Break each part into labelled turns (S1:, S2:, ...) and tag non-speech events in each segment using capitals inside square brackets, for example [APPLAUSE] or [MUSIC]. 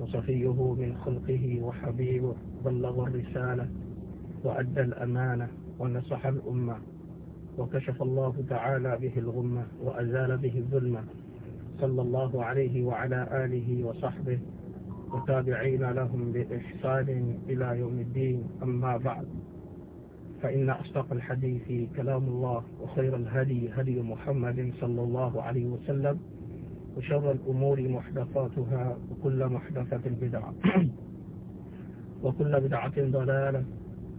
S1: وصفيه من خلقه وحبيبه بلغ الرسالة وأدى الأمانة ونصح الأمة وكشف الله تعالى به الغمة وأزال به الظلمة صلى الله عليه وعلى آله وصحبه وتابعين لهم بإحسان إلى يوم الدين أما بعد فإن أصدق الحديث كلام الله وخير الهدي هدي محمد صلى الله عليه وسلم وشر الأمور محدثاتها وكل محدثة بدعة [CLEARS THROAT] وكل بدعة ضلالة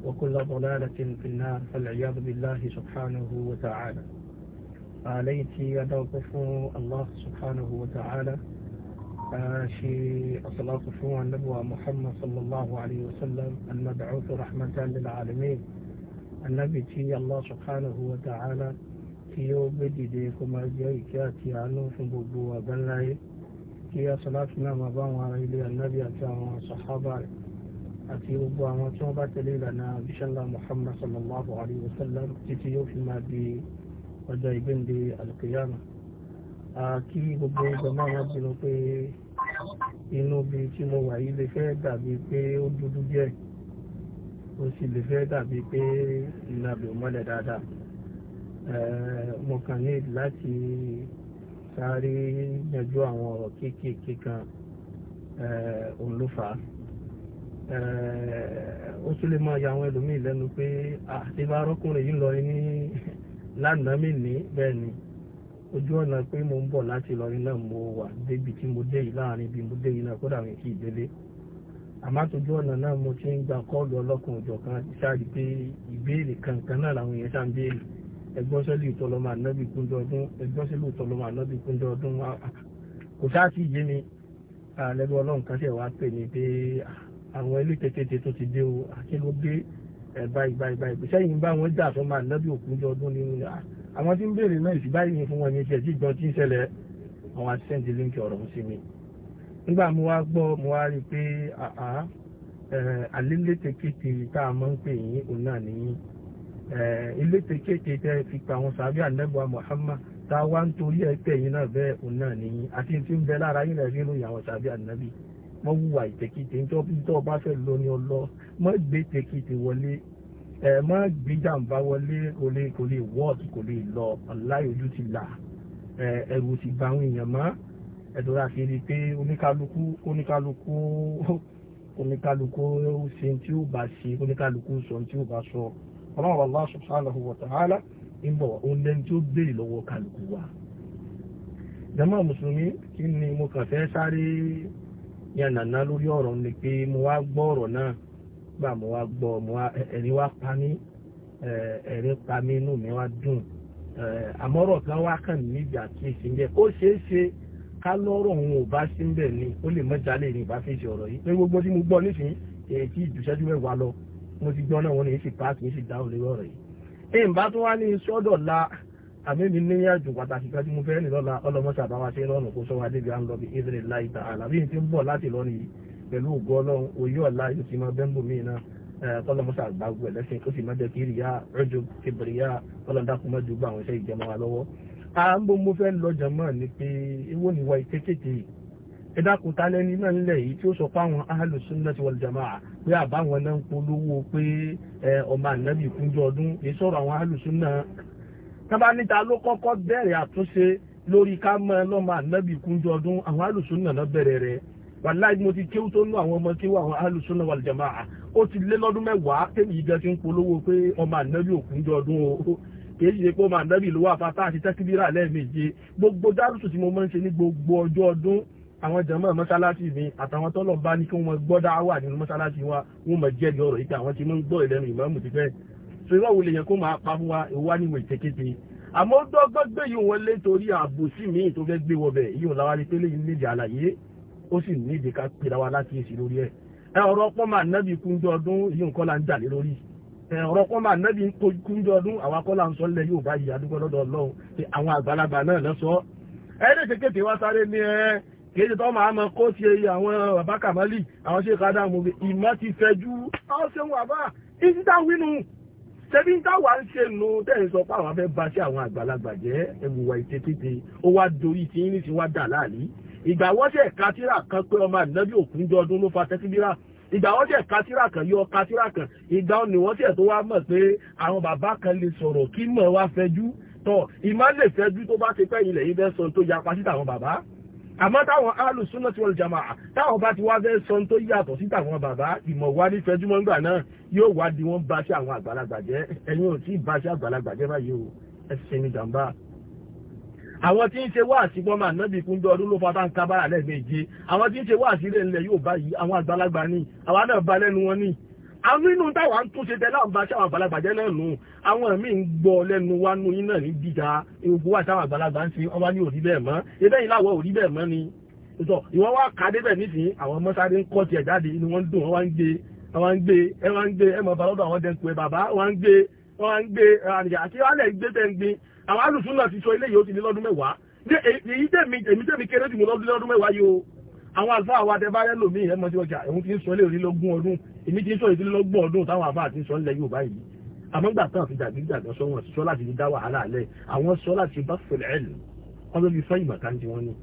S1: وكل ضلالة في النار فالعياذ بالله سبحانه وتعالى عليتي أدوقف الله سبحانه وتعالى شي الصلاة فهو النبوة محمد صلى الله عليه وسلم المبعوث رحمة للعالمين النبي تي الله سبحانه وتعالى kí ó gbé dìde kó máa jẹ́ ìkẹ́ àti àánú fún gbogbo àgbáńláyé kí asọ́láàtì náà máa bá àwọn ará ilé ànábì àti àwọn sàhábà rẹ̀ àti gbogbo àwọn tí wọ́n bá tẹ̀lé ìlànà bishanla muhammad sallallahu alayhi wa sallam títí yóò fi máa di ọjọ́ ìgbéǹde alkiyama kí gbogbo ìgbàmọ́ àwọn bínú pé inú bí tí mo wà yìí lè fẹ́ dàbí pé ó dúdú díẹ̀ ó sì lè fẹ́ dàbí pé ìlànà ò mọ́lẹ̀ dáadáa mo kàn ní láti sáré yanjú àwọn ọ̀rọ̀ kéékèèké kan òun ló fà á ó tún lè máa ya àwọn ẹlòmíì lẹ́nu pé arọ́kùnrin yìí lọ ní lánàá mi ní bẹ́ẹ̀ ni ojú ọ̀nà pé mo ń bọ̀ láti lọ náà mo wà débi tí mo dé yìí láàrin mo dé yìí náà kódà mi kì í délé àmọ́ ọ̀nà náà mo gba kọ́ọ̀lù ọlọ́kùnrin pé ìbéèrè kankan náà làwọn èèyàn ṣáà ń béèrè ẹgbọ́nsẹ́lì ìtọ́lọ́mọ ànábì kúnjọ ọdún ẹgbọ́nsẹ́lì ìtọ́lọ́mọ ànábì kúnjọ ọdún kò sáà sí yé mi lẹ́nu ọlọ́run kan ṣẹ̀ wá pè ní pé ah, àwọn ilé kékeré tó ti dé o àti ló gbé ẹ̀bá ìgbà ìgbà ìgbà sẹ́yìn bá wọn dà fún máa nábì òkúnjọ ọdún nínú ah, àwọn tí ń béèrè náà ìsìbáyìí ni fún wọn ní ìṣẹ̀jú ìgbọ́n tí ń ṣẹlẹ̀ àwọn àṣẹ́ǹdì líǹkì mi nígbà mo wá gbọ́ ah, a máa ń pè yín òun náà Eh, ilé kékèké tẹ́ fi pa àwọn sàbí ànẹ́bùwà Muhammad tá a wá ń torí ẹ̀ pé ẹ̀yin náà bẹ́ẹ̀ òun náà nìyí àti tí ń bẹ lára yín rẹ̀ fi ròyìn àwọn sàbí ànẹ́bì wọ́n wùwà ìtẹ̀kìtì ń tọ́ bá fẹ́ lọ ní ọlọ mọ́ gbé tẹ̀kìtì wọlé ẹ̀ eh, mọ́ gbé jàǹbá wọlé kò lè kò lè wọ́ọ̀tì kò lè lọ ọ̀láyòjú ti là eh, ẹ̀rù ti ba àwọn èèyàn mọ́ ẹ̀dọ́ra fi rí i pé oníkálukú oníkálukú oníkálukú ṣe tí ó bá ṣe oníkálukú sọ tí ó bá sọ. ọlọ́run Allah subhanahu wa ta'ala ń bọ̀ òun lẹ́ni tí ó wa jama mùsùlùmí kí ni mo kàn fẹ́ sáré yẹn nàná lórí ọ̀rọ̀ ní pé mo wá gbọ́ ọ̀rọ̀ náà gbà mo wá pa mi wá dùn àmọ́rọ̀ kan wá kàn níbi ṣe ká lọ́rọ̀ ni ó lè mọ́ jalè ní ọ̀rọ̀ yìí pé gbogbo tí mo gbọ́ nísìnyí èyí lọ mo ti gbọ́n náà wọ́n ní èsì páàkì èsì dáhùn lórí ọ̀rọ̀ yìí èyí bá tún wá ní sọ́dọ̀ la àmẹ́mi ní àjò pàtàkì kan tí mo fẹ́ nílọ́ la ọlọ́mọṣà bá wa ṣe lọ́nà kó sọ wa débi à ń lọ bí israel láì ta àlàbí ti ń bọ̀ láti lọ nìyí pẹ̀lú ògo ọlọ́run oyé ọ̀la yóò ti máa bẹ́ńbò míì náà ọlọ́mọṣà gbà gbọ́ ẹlẹ́sìn ó sì máa jẹ́ kí ríyá rẹ́jọ kébìrìyá ọlọ́dàkùn gbà àwọn iṣẹ́ ìjẹmọ́ wa lọ́wọ́ à ń bọ́ mo fẹ́ lọ jàmọ́ ni pé èwo ni wa ìkékèké yìí ẹ̀dàkùn ta lẹ́ni náà nílẹ̀ yìí tí ó sọ fáwọn ahlu sunnati wal jamaa pé àbáwọn náà ń polówó pé ọmọ ànábì kúnjọ ọdún èyí sọ̀rọ̀ àwọn ahlu sunna tábà níta ló kọ́kọ́ bẹ̀rẹ̀
S2: àtúnṣe lórí ká mọ́ ẹ lọ́mọ ànábì kúnjọ ọdún àwọn ahlu sunna náà bẹ̀rẹ̀ rẹ̀ wàláì mo ti kéwú tó nú àwọn ọmọ kéwú àwọn ahlu sunna wal jamaa ó ti lé lọ́dún mẹ́wàá tẹ́mi ìgẹ́ ti ń polówó pé ọmọ ànábì òkúnjọ ọdún o kìí ṣe pé ọmọ ànábì ló wà fata àti tẹ́kíbírà lẹ́ẹ̀mejì gbogbo dárúsù tí mo máa ń ṣe ní gbogbo ọjọ́ ọdún àwọn jàmọ́ mọ́sálásí mi àtàwọn tọ́lọ̀ bá ní kí wọ́n gbọ́dá wà nínú mọ́sálásí wa wọ́n mọ̀ jẹ́ ọ̀rọ̀ ìta àwọn tí mọ́ ń gbọ́ ìlẹ́nu ìmọ̀mù ti fẹ́ so irọ́ wo lè yẹn kó máa pa fún wa ìwá níwọ̀ ìtẹ́kéte àmọ́ ó dọ́gbọ́n gbé yìí wọn lé torí ààbò sí mi tó fẹ́ gbé wọbẹ̀ yìí làwa ni pélé yìí nídìí àlàyé ó sì nídìí ká pera wa láti èsì lórí ẹ̀ ẹ ọ̀rọ̀ pọ́n máa nẹ́bi kúnjọ ọdún yìí nǹkan là ń jà lé lórí ẹ ọ̀rọ̀ pọ́n máa nẹ́bi kúnjọ ọdún àwọn akọ́là ń sọ lẹ́ yóò yìí adúgbò lọ́dọ̀ ọlọ́run àwọn àgbàlagbà náà lọ́sọ̀ọ́ ẹ̀ẹ́dẹ̀kẹ́kẹ́ wá sáré ní ẹ́ kéde tó máa mọ kó ti àwọn bàbá kàmálì àwọn ṣe kádà mú ìmọ̀ ti fẹjú ọ́sẹ̀wọ̀n àbá ìsítà wínú tẹ́bí ń táwà ń ṣe nù tẹ́yìn sọ pé àwọn afẹ́ bá sí àwọn àgbàlagbà jẹ́ ẹ̀wùwà ìtẹ́tẹ́tẹ́ ó wá dorí tí yín sí wá dà láàlí ìgbà wọ́sẹ̀ kátírà kan pé ọmọ ànábì òkun jọ ọdún ló fa tẹ́kíbírà ìgbà wọ́sẹ̀ kátírà kan yọ kátírà kan ìgbà òní wọ́sẹ̀ tó wá mọ̀ pé àwọn bàbá kan lè sọ̀rọ̀ kí mọ̀ wá fẹjú tọ̀ ìmọ̀ lè fẹjú tó bá ti pẹ́ ilẹ̀ yìí fẹ́ sọ tó yapa síta àwọn bàbá àmọ́ táwọn alu sunnati wal jamaa táwọn bá ti wá fẹ́ sọ tó yàtọ̀ sí tàwọn bàbá ìmọ̀ wá ní fẹjúmọ́ ńgbà náà yóò wá di wọ́n bá sí àwọn àgbàlagbà jẹ́ ẹ̀yin ò tí bá sí àgbàlagbà jẹ́ báyìí o ẹ̀sìn ní jàmbá àwọn tí ń ṣe wá àti wọn máa nábì kúndọ ọdún ló fata ń kábàrà lẹ́ẹ̀mejì àwọn tí ń ṣe wá àti ńlẹ̀ yóò báyìí àwọn àgbàlagbà ni àwọn náà bá lẹ́nu wọn ni àwọn inú táwa ń túnṣe tẹ láwọn bá sáwọn àgbàlagbà jẹ lẹ́nu àwọn míì ń gbọ́ lẹ́nu wa nú iná ní dídá gbogbo wa sáwọn àgbàlagbà ń sin ọba ní òrí bẹ́ẹ̀ mọ́ ebẹ́ yìí láwọ̀ òrí bẹ́ẹ̀ mọ́ ni ìtọ̀ ìwọ́n wá ká débẹ̀ nísìnyí àwọn mọ́sáré ń kọ́ tiẹ̀ jáde inú wọn dùn wọn ń gbé wọn ń gbé ẹ wọn ń gbé ẹ mọ̀ balọ́dọ̀ àwọn dẹ́kun ẹ bàbá wọn ń gbé wọn ń gbé àti wàlẹ̀ gbé tẹ́ ń gbé àwọn alùsùn náà ti sọ eléyìí ó ti ní lọ́dún mẹ́wàá èyí tẹ̀mí kéré jù mú lọ́dún mẹ́wàá yìí o àwọn àlùfáà wa tẹ bá yẹ lòmíì ẹ mọ̀ sí ọjà ẹ̀hún ti ń sọ eléyìí lógún ọdún èmi ti ń sọ ìdílọ́gbọ̀n ọdún táwọn àbá àti sọ ńlẹ̀ Yorùbá yìí
S1: àmọ́gbà tán fi dàbí dàgbà sọ wọn sọ láti fi dá wàhálà alẹ́ àwọn sọ láti bá fẹ̀lẹ̀ ẹ̀ lù wọ́n lórí fẹ́ ìmọ̀ kan tí wọ́n ní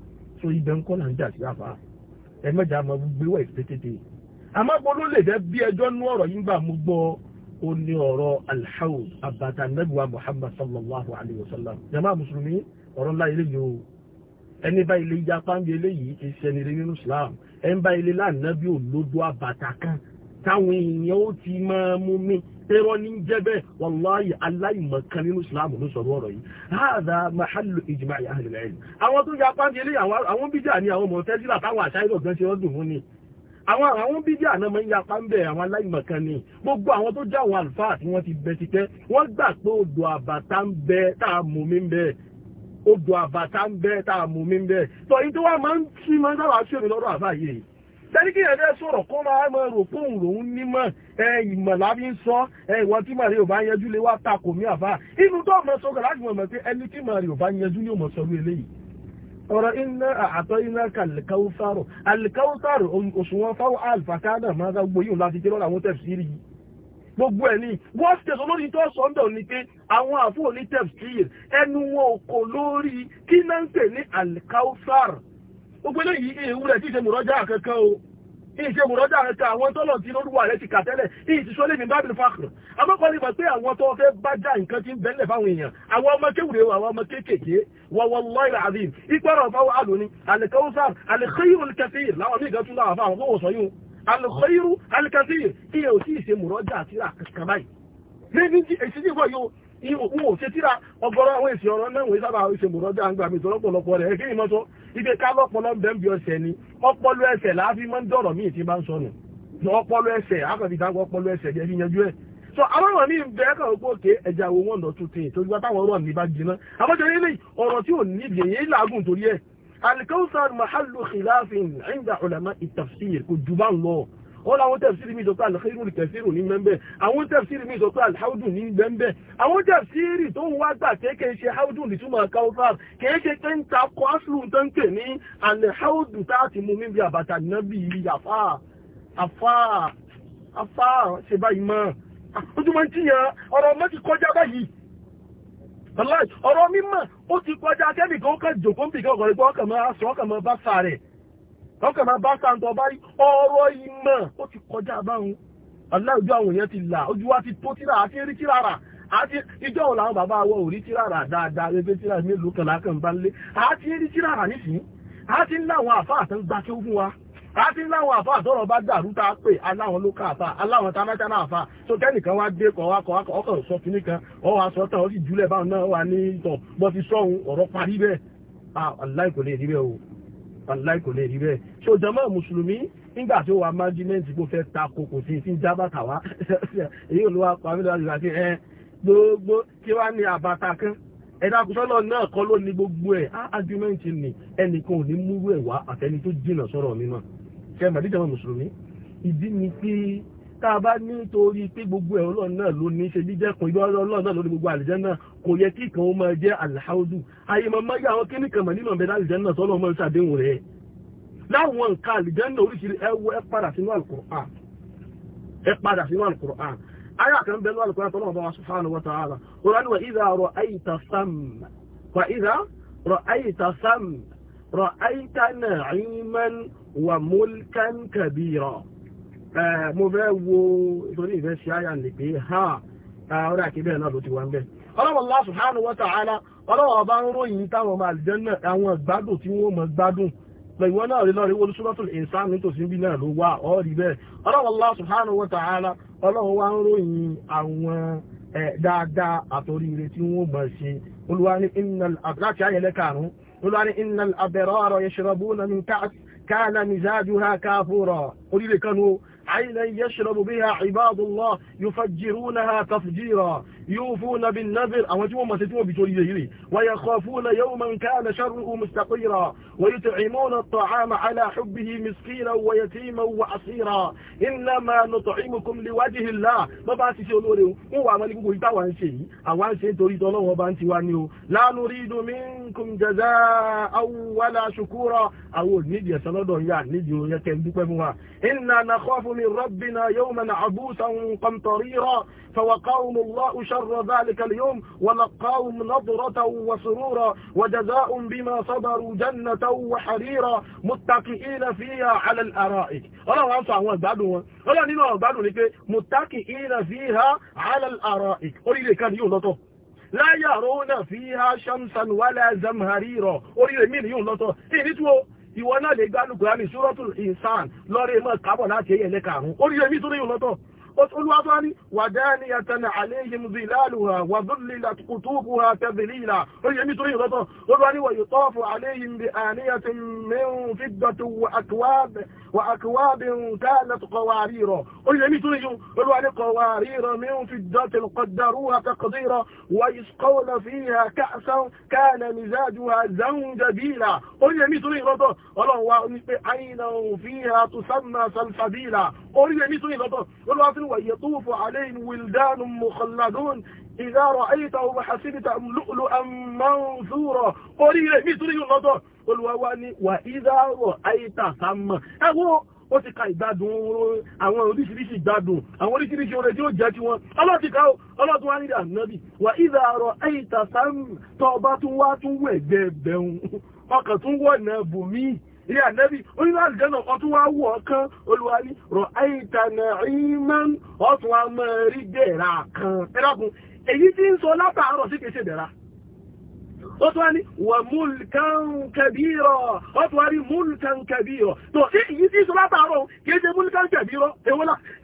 S1: so ibẹ̀ ń kọ́ là ń jà sí àfà ẹ mẹ́ta máa gbé wà ìpétété àmọ́ gbọ́dọ̀ lè dẹ́ bí ẹjọ́ nú ọ̀rọ̀ yín gbà mú gbọ́ ó ní
S2: ọ̀rọ̀ alhaud abata nabiwa muhammad sallallahu ń bá ilé láàánú bí òlódó abata kan táwọn èèyàn ó ti máa mú mi ẹ̀rọ ní jẹ́bẹ̀ wàláyé aláìmọ̀kan nínú islam ló sọ̀rọ̀ ọ̀rọ̀ yìí hádà mahallu ijma'i ahlil ilm àwọn tó yapa ń délé àwọn bíjà ní àwọn mọ̀tẹ́sílà táwọn àṣà ìrọ̀gán ṣe ọdún fún ni àwọn àwọn bídíà náà máa ń yapa ń bẹ̀ àwọn aláìmọ̀kan ni gbogbo àwọn tó já àwọn àlùfáà tí wọ́n ti bẹ ti tẹ́ wọ́n gbà pé odò àbàtà ń bẹ tá mú mi ń bẹ odò àbàtà tó wà máa ń tí máa ń sábà ṣèrè lọ́rọ̀ àbáyé tẹ́líkì yẹn fẹ́ sọ̀rọ̀ kó máa mọ rò pé òun lòún nímọ̀ ẹ ìmọ̀ lábí ń sọ ẹ ìwọ tí màrí ò bá yanjú lé wá takò mí àbá inú tó mọ sọkàn láti mọ̀ pé ẹni tí màrí ò bá yanjú ní òmọ̀ sọ̀rọ̀ eléyìí ọ̀rọ̀ iná àtọ́ iná ka alikawusaro alikawusaro òṣùwọ̀n fáwọn alifakana máa dá gbogbo yìí láti jẹ́ lọ́la àwọn tẹ̀síìrì yìí gbogbo ẹ̀ ní worst case olórí tó sọ́ndọ̀ ni pé àwọn àfọ̀ ní tẹ̀síìrì ẹnu wọn ò kò lórí kí náà ń pè ní alikawusaro gbogbo eléyìí ìwúrẹ̀ tí ìṣe mùrọ́jà kankan o ìṣe mùrọ́jà kankan àwọn tọ́lọ̀ tí lórúwà rẹ̀ ti kà tẹ́lẹ̀ ìṣe sólé mi bábìlì fáàkùrù amọ́kànlẹ̀ mọ̀ pé àwọn tó fẹ́ bá já nǹkan ti ń bẹ́lẹ̀ fáwọn èèyàn àwọn ọmọ kéwùrẹ́ àwọn ọmọ kéékèèké wọ́wọ́ lọ́ìrà àdìm ìpẹ́rọ̀ fáwọn àlòní alẹ́kọ́sàr alẹ́kọ́yìrù kẹfìr láwọn míì gẹ́tún láwọn fáwọn owó sọ yún alẹ́kọ́yìrù alẹ́kẹfìr kí ẹ ò sí ìṣe mùrọ́jà òun ò ṣe tíra ọgọ́rọ̀ àwọn èsì ọ̀rọ̀ náà wọ́n sábà ṣe mọ̀rọ́jà ń gbà mí tó lọ́pọ̀lọpọ̀ rẹ̀ kí ni mo sọ ibi ká lọ́pọ̀lọ́ bẹ́ẹ̀ bí ọ̀sẹ̀ ni ọpọlọ ẹsẹ̀ láàfin máa ń dọ̀rọ̀ míì tí máa ń sọnù ọpọlọ ẹsẹ̀ akọ̀bí dáńgọ́ ọpọlọ ẹsẹ̀ so aláwọ̀ ní bẹ́ẹ̀ kan kó ké ẹja wo wọn lọ tún tèyí torí wá táwọn ọ̀rọ̀ mi bá jiná àbájọ nílé ọ̀rọ̀ tí ò ní ibi èyí làágùn torí wọ́n láwọn tẹ̀síìrì mi sọ pé alhairu kẹsìrù ní bẹ́ẹ̀ àwọn tẹ̀síìrì mi sọ pé alhaudu ní bẹ́ẹ̀ àwọn tẹ̀síìrì tó ń wá gbà kéèké ṣe haudu ní túmọ̀ káwọ́fà kéèké pé ń ta kọ́ áṣùlù tó ń pè ní alhaudu tá a ti mú mi bí àbàtà nábì àfà àfà àfà ṣe báyìí mọ́ ojú máa ń tíyan ọ̀rọ̀ mọ́ ti kọjá báyìí ọ̀rọ̀ mímọ̀ ó ti kọjá akẹ́bìkan ó kàn jòkó ń bìkan ọ̀gọ̀rẹ́gbọ́ ọkàn máa sọ ọkàn máa bá sa rẹ̀ lọ́kàn máa bá sáǹtọ̀ bá rí ọ̀rọ̀ ìmọ̀ ó ti kọjá báwọn aláìjọ àwọn èèyàn ti là ojú wa ti tó tíra àti rí tíra rà àti ìjọ òun làwọn bàbá wọ òrí tíra rà dáadáa rẹ pé tíra mélòó kan lákàn bá lé àti rí tíra rà nísìnyí àti ń láwọn àfa àtàn gba kí ó fún wa àti ń láwọn àfa àtọ̀rọ̀ bá dàrú tá a pè aláwọn ló ká àfa aláwọn tanátaná àfa tó kẹ́nìkan wá dé kọ́ wá kọ́ wá kọ́ ọkọ̀ sọ kínní kan ọ wá sọ tán ó sì júlẹ̀ báwọn náà wà ní ìtọ̀ bọ́ ti sọ́hun ọ̀rọ̀ parí bẹ́ẹ̀ ah, aláìkò lè rí bẹ́ẹ̀ o aláìkò lè rí bẹ́ẹ̀ so jọmọ́ mùsùlùmí nígbà tí ó wà májúmẹ́ntì kó fẹ́ ta kòkò sí sí jábàtà wá [LAUGHS] èyí ò ló wá sí ẹ gbogbo kí wá ní àbàtà kan ẹ̀dàkùsọ́nà náà kọ́ ló ní gbogbo ẹ̀ ágúmẹ́ntì ni ẹnìkan ò ní múrú ẹ̀ àtẹni tó jìnà sọ̀rọ̀ mi a bá nítorí pé gbogbo ẹ̀ ọlọ́run náà ló ní ṣe jíjẹ́kùn ìlú ọlọ́run náà ló ní gbogbo àlìjẹ́ náà kò yẹ kí kan ó máa jẹ́ àlàáhùdù ayé máa máa yà àwọn kíníkan mọ̀ nínú ọ̀bẹ̀dá àlìjẹ́ náà sọ́lọ́ ọmọ ìṣàdéhùn rẹ̀ láwọn nǹkan àlìjẹ́nà oríṣiríṣi ẹwọ ẹ padà sínú Al-Qur'an ẹ padà sínú Al-Qur'an ayà kan bẹ̀rẹ̀ Al-Qur'an tọ́lọ́wọ́ bá wa subhanahu wa ta'ala orániwà idha ra'ayta sam wa idha ra'ayta sam ra'ayta na'iman wa mulkan kabira mo fẹ́ wo ìtòní ìfẹ́ sí ayà nìpe ha ọ̀rẹ́ àkíbẹ̀ náà ló ti wà ń bẹ̀ ọlọ́wọ́ Allah subhanahu wa ọlọ́wọ́ bá ń ròyìn táwọn ọmọ àlìjẹ́nà àwọn gbádùn tí wọ́n mọ̀ gbádùn pẹ̀lú náà rí lọ́rí wọ́n Suratul Insan nítòsí bí náà ló wà ọ́ rí bẹ́ẹ̀ ọlọ́wọ́ Allah subhanahu wa ta'ala ọlọ́wọ́ wa ń ròyìn àwọn dáadáa àtòríire tí wọ́n mọ̀ sí olúwa ní innal láti ayẹlẹ́ karùn-ún olúwa ní innal abrara yashrabuna يوفون بالنذر أو جمع ما ستوى بجريه ويخافون يوما كان شره مستقيرا ويطعمون الطعام على حبه مسكينا ويتيما وعصيرا إنما نطعمكم لوجه الله ما باسي سيولوري هو عمالي قوي تاوان شيء أوان شيء تريد الله وبانتي وانيو لا نريد منكم جزاء ولا شكورا أول نيدي سنودون يا نيدي يكن دوكم إنا نخاف من ربنا يوما عبوسا قمطريرا فوقاهم الله شر شر ذلك اليوم ولقاهم نظرة وسرورا وجزاء بما صبروا جنة وحريرا متكئين فيها على الأرائك ọlọ́run á sọ àwọn ìgbádùn wọn ọlọ́run nínú ọ̀gbádùn ní pé متكئين فيها على الأرائك orílẹ̀ kan yóò lọ́tọ̀ لا يرون فيها شمسا ولا زمهريرا orílẹ̀ mìíràn yóò lọ́tọ̀ ìwọ náà lè gbádùn kùránì Suratul Insan lọ́rẹ̀ mọ́ kábọ̀ láti ẹyẹ lẹ́kàrún orílẹ̀ mìíràn yóò lọ́tọ̀ olúwàtọ́ ní wàdáni àtàlà àléhìm zìláàlùwà wàdúlìlà kùtùkùwà tẹ́bìlìlà ó yẹ nítorí ìrọ́tọ̀ olúwa ní wàyí tọ́ọ̀fù àléhìm bí àníyàtì mẹ́rin fídọ̀tù wà àkíwábìn káàlẹ̀ kọwàrírọ̀ ó yẹ nítorí yìí olúwa ní kọwàrírọ̀ mẹ́rin fídọ̀tù kọdàrúwà tẹkọdírọ̀ wà ìskọ́lọ̀ fíhà káàsán káàlẹ̀ mìzájúwà zanjabila ó ويطوف عليهم ولدان مخلدون إذا رأيته وحسبت لؤلؤا منثورا orí rẹ̀ nítorí yóò lọ́dọ̀ olùwàwà وإذا wà ìdáàrọ̀ àìta sàmà ẹwọ́ ó ti ka ìgbádùn àwọn oríṣiríṣi ìgbádùn àwọn oríṣiríṣi oore tí ó jẹ́ tí wọ́n ọlọ́tìká ọlọ́tún wá ànábì wà ìdáàrọ̀ àìta sàmà tọ́ ọba tún wá tún wẹ̀gbẹ̀ẹ̀bẹ̀un ọkàn tún wọ̀nà bùnmí ilé ànẹ́bì onínú àlùjẹ́nà ọtún wá wù ọ̀kan olúwa ní rọ̀ àìtànà ìmọ̀n ọtún wá mọ́ rí dẹ̀ra kan ẹ̀dàkùn èyí tí ń sọ látàárọ̀ sí kèsè dẹ̀ra ó tún wá ní wà múlùkán kẹbíirọ̀ ó tún wá ní múlùkán kẹbíirọ̀ tó sí èyí tí ń sọ látàárọ̀ kéde múlùkán kẹbíirọ̀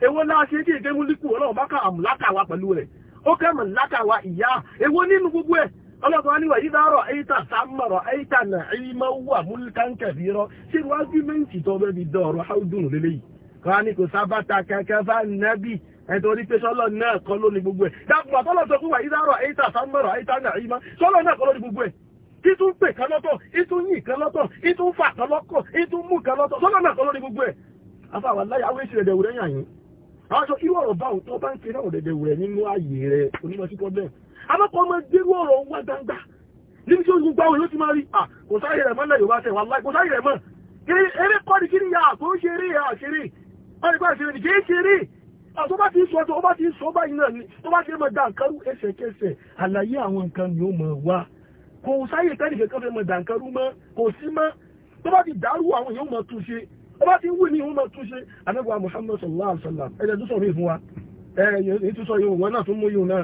S2: èwo láṣẹ kéde múlùkù ọlọ́run bá kà àmúlákà wa pẹ̀lú rẹ̀ ó kẹ́ mọ̀lákà wa ìyá èwo nínú gbogbo ẹ̀ ọlọ́pàá ní wàyí dárọ̀ ẹ̀yíta sàmọ̀rọ̀ ẹ̀yíta nà ẹ̀yíma wà múlùkáńkà bí rọ ṣe wájú mẹ́ǹtì tó bẹ́ẹ̀ bí dọ̀rọ̀ áùdùn lélẹ́yìí kan ní kò sábàtà kankan bá nábì ẹ̀tọ́ ní pé sọ́lọ̀ náà kọ́ ló ní gbogbo ẹ̀ dápùpà tọ́lọ̀ sọ fún wàyí dárọ̀ ẹ̀yíta sàmọ̀rọ̀ ẹ̀yíta nà ẹ̀yíma sọ́lọ̀ sọ́lọ̀ náà kọ́ ló gbogbo ẹ̀ alákọ̀ọ́ ọmọ gbérú ọ̀rọ̀ wá gbangba níbi tí ó ń gbá òun ló ti máa rí à kò sáyé rẹ̀ mọ́lẹ̀ Yorùbá tẹ̀ wàláì kò sáyé rẹ̀ mọ́ eré kọ́ ni kí ni yà kó ń ṣeré yà ṣeré ọ̀rẹ́gbà ìṣeré ni kì í ṣeré tó bá ti sọ tó bá ti sọ báyìí náà ni tó bá ti mọ̀ dá nǹkan rú ẹsẹ̀kẹsẹ̀ àlàyé àwọn nǹkan ni ó mọ̀ wá kò sáyé wù ní ìhun mọ̀ tún ṣe Muhammad sallallahu alaihi wasallam ẹ̀jẹ̀ tó sọ̀rọ̀ ìfún wa ẹ̀yẹ̀ tó sọ ìhun wọn náà tó mú ìhun náà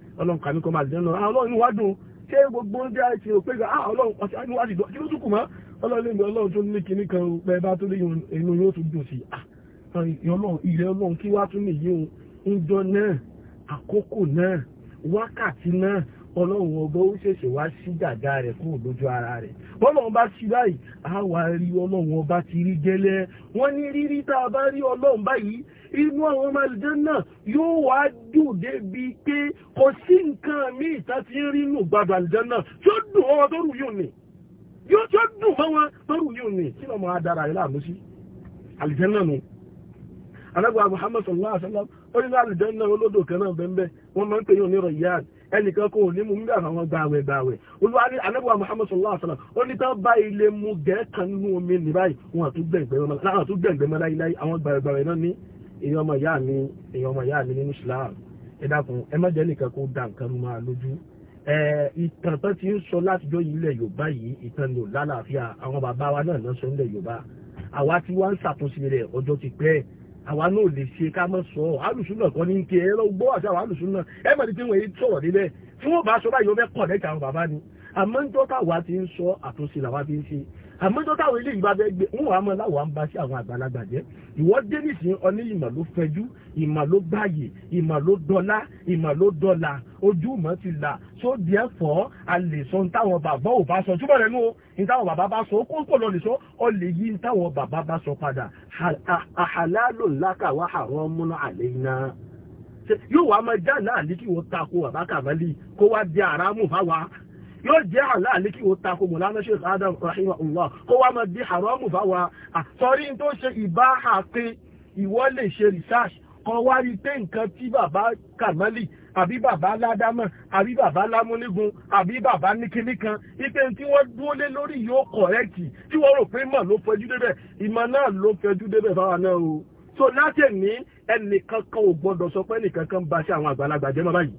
S2: ọlọ́run kàmí kọ́ máa jẹ́ lọ ah, ọlọ́run inú wá dùn ṣé gbogbo ń dá ṣe òpé gbà ah, ọlọ́run ọ̀sẹ̀ inú wá dùn kí ló dùkù mọ́ ọlọ́run lè mi ọlọ́run tó ní kinní kan pẹ́ bá tó lé inú yóò tún dùn sí ah, ìrẹ́ ọlọ́run kí wá tún nìyí o ìjọ náà àkókò náà wákàtí náà ọlọ́run ọgbọ́ ó ṣẹ̀ṣẹ̀ wá sí dàda rẹ̀ kúrò lójú ara rẹ̀ ọlọ́run bá sí báyìí àwa ọlọ́run ọba ti rí gẹ́lẹ́ wọ́n ní rírí tá rí ọlọ́run báyìí inú àwọn ọmọ àlùjánnà yóò wá dùn débi pé kò sí nǹkan míì tá ti ń rí nù gbàdọ̀ àlùjánnà tí ó dùn ọwọ́ tó rù yóò nì yóò tí ó dùn fọwọ́ tó rù yóò nì kí lọ́mọ adára rẹ̀ láàmú sí àlùjánnà nù alágbà Muhammad sallallahu alaihi wasallam ó ní àlùjánnà olódò kan náà bẹ́ẹ̀ wọ́n máa ń pè yóò ní Rayyan ẹnìkan kò ní mú nígbà àwọn gbàwẹ̀ gbàwẹ̀ olúwa anábíwá Muhammad sallallahu alaihi wasallam ó ní tán bá ilé mu gẹ̀ẹ́kan nínú omi ní wọn àtúgbẹ̀gbẹ̀ mọ́ láyé láyé àwọn gbàwẹ̀ gbàwẹ̀ náà
S1: ní èèyàn ọmọ ìyá mi èèyàn ọmọ ìyá mi nínú Islam ẹ dákun ẹ má jẹ́ nìkan kó da nǹkan máa lójú ìtàn tán ti ń sọ látijọ́ ilẹ̀ Yorùbá yìí ìtàn lò lálàáfíà àwọn bàbá wa náà náà sọ ilẹ̀ Yorùbá àwa tí wọ́n ń ṣàtúnṣe rẹ̀ ọjọ́ ti pẹ́
S2: àwa náà lè ṣe ká mọ́ sọ alùsùnà kan ní kí ẹ̀rọ gbọ́ àti àwọn alùsùnà ẹ mọ̀ ní wọ́n yé sọ̀rọ̀ níbẹ̀ tí wọ́n bá sọ báyìí wọ́n fẹ́ kọ̀ọ̀dẹ́kì àwọn bàbá ni àmọ́ ń tọ́ka àwa ti ń sọ àtúnṣe làwa ti ń ṣe àmọ́jọ́ táwọn ilé ìgbà bẹ́ẹ̀ gbé ń wà á mọ́ láwọn bá sí àwọn àgbàlagbà jẹ́ ìwọ dé nìsín ọní ìmọ̀ ló fẹjú ìmọ̀ ló gbààyè ìmọ̀ ló dọ́lá ìmọ̀ ló dọ́là ojú mọ́ ti là tó fọ́ a sọ ní táwọn bàbá ò bá sọ túbọ̀ rẹ̀ nú o ní táwọn bàbá bá sọ kó kò lọ lè sọ ọ lè yí ní táwọn bàbá bá sọ padà àhàlálò ńlá kàwá àwọn múná àlẹ́ iná yóò wá máa já láàlí kí wọ́n tako àbákàbálì kó wá di àrámù fáwa yóò jẹ́ àláàlé kí o tako mọ̀lánà Sheikh Adam rahimahullah kó wá máa di haramu fáwa àtọ́rí tó ṣe ìbáhà pé ìwọ lè ṣe research kan wá rí pé nǹkan tí bàbá kàmálì àbí bàbá ládámọ̀ àbí bàbá lámúnígun àbí bàbá níkíní kan ipe tí wọ́n dúró lé lórí yóò kọ̀rẹ́kì tí wọ́n rò pé mọ̀ ló fẹjú débẹ̀ ìmọ̀ náà ló fẹjú débẹ̀ fáwa náà o so láti ní ẹnìkankan ò gbọ́dọ̀ sọ pé ẹnìkankan bá ṣe àwọn àgbàlagbà jẹ́ mọ́ báyìí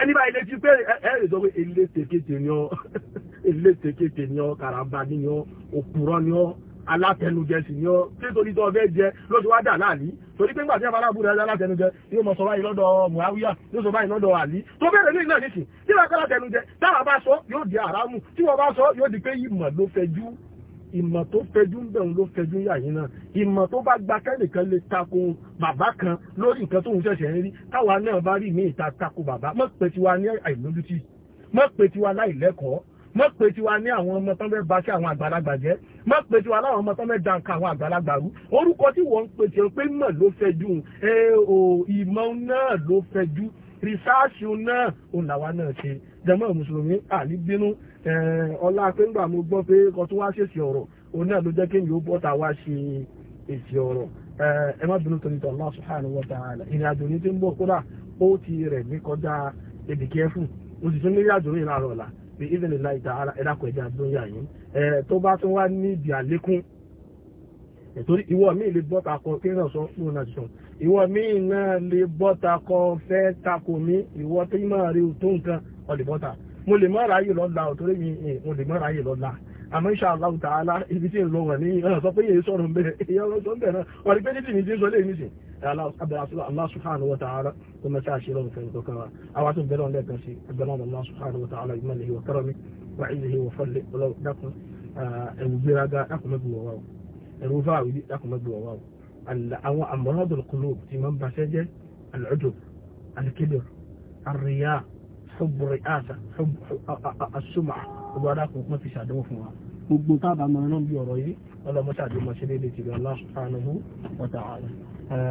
S2: ẹni bá ilé ti pé ẹ̀rì sọ pé ilé tèkéte ni ọ́ [LAUGHS] ilé tèkéte ni ọ́ karamba ni ọ́ òpùrọ́ ni ọ́ alátẹnujẹ sì ni ọ́ tí torí tó ọbẹ̀ jẹ ló ti wá dà láàlí torí pé ńgbà tí àbára àbúrò ẹja alátẹnujẹ yóò mọ sọ báyìí lọ́dọ̀ Muawiya yóò sọ báyìí lọ́dọ̀ Àlí tó bẹ̀rẹ̀ ní ìlànà nìsín tí wọ́n kọ́ alátẹnujẹ táwa bá sọ yóò di àrámù tí wọ́n bá sọ yóò di pé ìmọ̀ ló fẹjú ìmọ̀ tó fẹjú ń bẹ̀rùn ló fẹjú yàyín náà ìmọ̀ tó bá gba kẹ́nìkan lè tako bàbá kan lórí nǹkan tó ń ṣẹ̀ṣẹ̀ ń rí káwa náà bá rí míì ta tako bàbá mọ̀ pé tiwa ní àìlójútì mọ̀ pé tiwa láìlẹ́kọ̀ọ́ mọ̀ pé tiwa ní àwọn ọmọ tán fẹ́ ba sí àwọn àgbàlagbà jẹ́ mọ̀ pé tiwa láwọn ọmọ tán fẹ́ dànka àwọn àgbàlagbà rú orúkọ tí wọ́n ń pè tiẹ̀ pé mọ̀ ló fẹjú ìmọ̀ náà Eh, ọlá pé ńgbà mo gbọ́ pé kò tún
S1: wá ṣèṣì ọ̀rọ̀ òun náà ló jẹ́ kí yóò bọ́ta wá ṣe èsì ọ̀rọ̀ eh, ẹ má bínú torí Allah subhanahu wa ta'ala ìrìn àjò ní tí ń bọ̀ kódà ó ti rẹ̀ ní kọjá èdè kẹfù ó sì tún ní ìrìn àjò eh, ní ìlànà ọ̀la bí sọ
S2: ìwọ mi náà lè bọ́ta kọ fẹ́ takò mí ìwọ tí mo lè mọ́ ráyè lọ́la òtórí mi eh, mo lè mọ́ ráyè lọ́la àmọ́ insha Allah ta'ala ibi tí ń lọ wọ̀n ní ọ̀nà sọ pé yẹ sọ̀rọ̀ bẹ̀rẹ̀ èyí ọ̀rọ̀ sọ bẹ̀rẹ̀ wọ́n rí pé títì ní tí ń sọ léyìn
S1: nìsín Allah subhanahu wa ta'ala tó mẹ́ta àṣẹ lọ́wọ́ fẹ́ ìtọ́ kan wa àwa tó ń bẹ̀rẹ̀ ọ̀lẹ́ kan sí ẹgbẹ̀rún Allah subhanahu wa ta'ala ìmọ̀lẹ̀ wa karami wa ìlẹ̀ wa fọ́lẹ̀ dákun ṣubu riasa ṣubu asuma gbogbo adákùn kún ti ṣàdánwò fún wa gbogbo tábà máa rán bí ọ̀rọ̀ yìí ọlọ́mọṣà àti ọmọṣẹ́ lédè tìlú Allah subhanahu wa ta'ala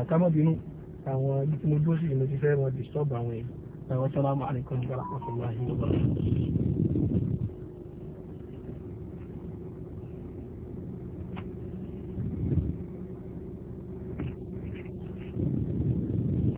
S1: kámọ́bínú àwọn ibi tí mo dúró sí ìmọ̀ ti fẹ́ wọn disturb àwọn èèyàn Assalamu alaikum warahmatullahi wabarakatuh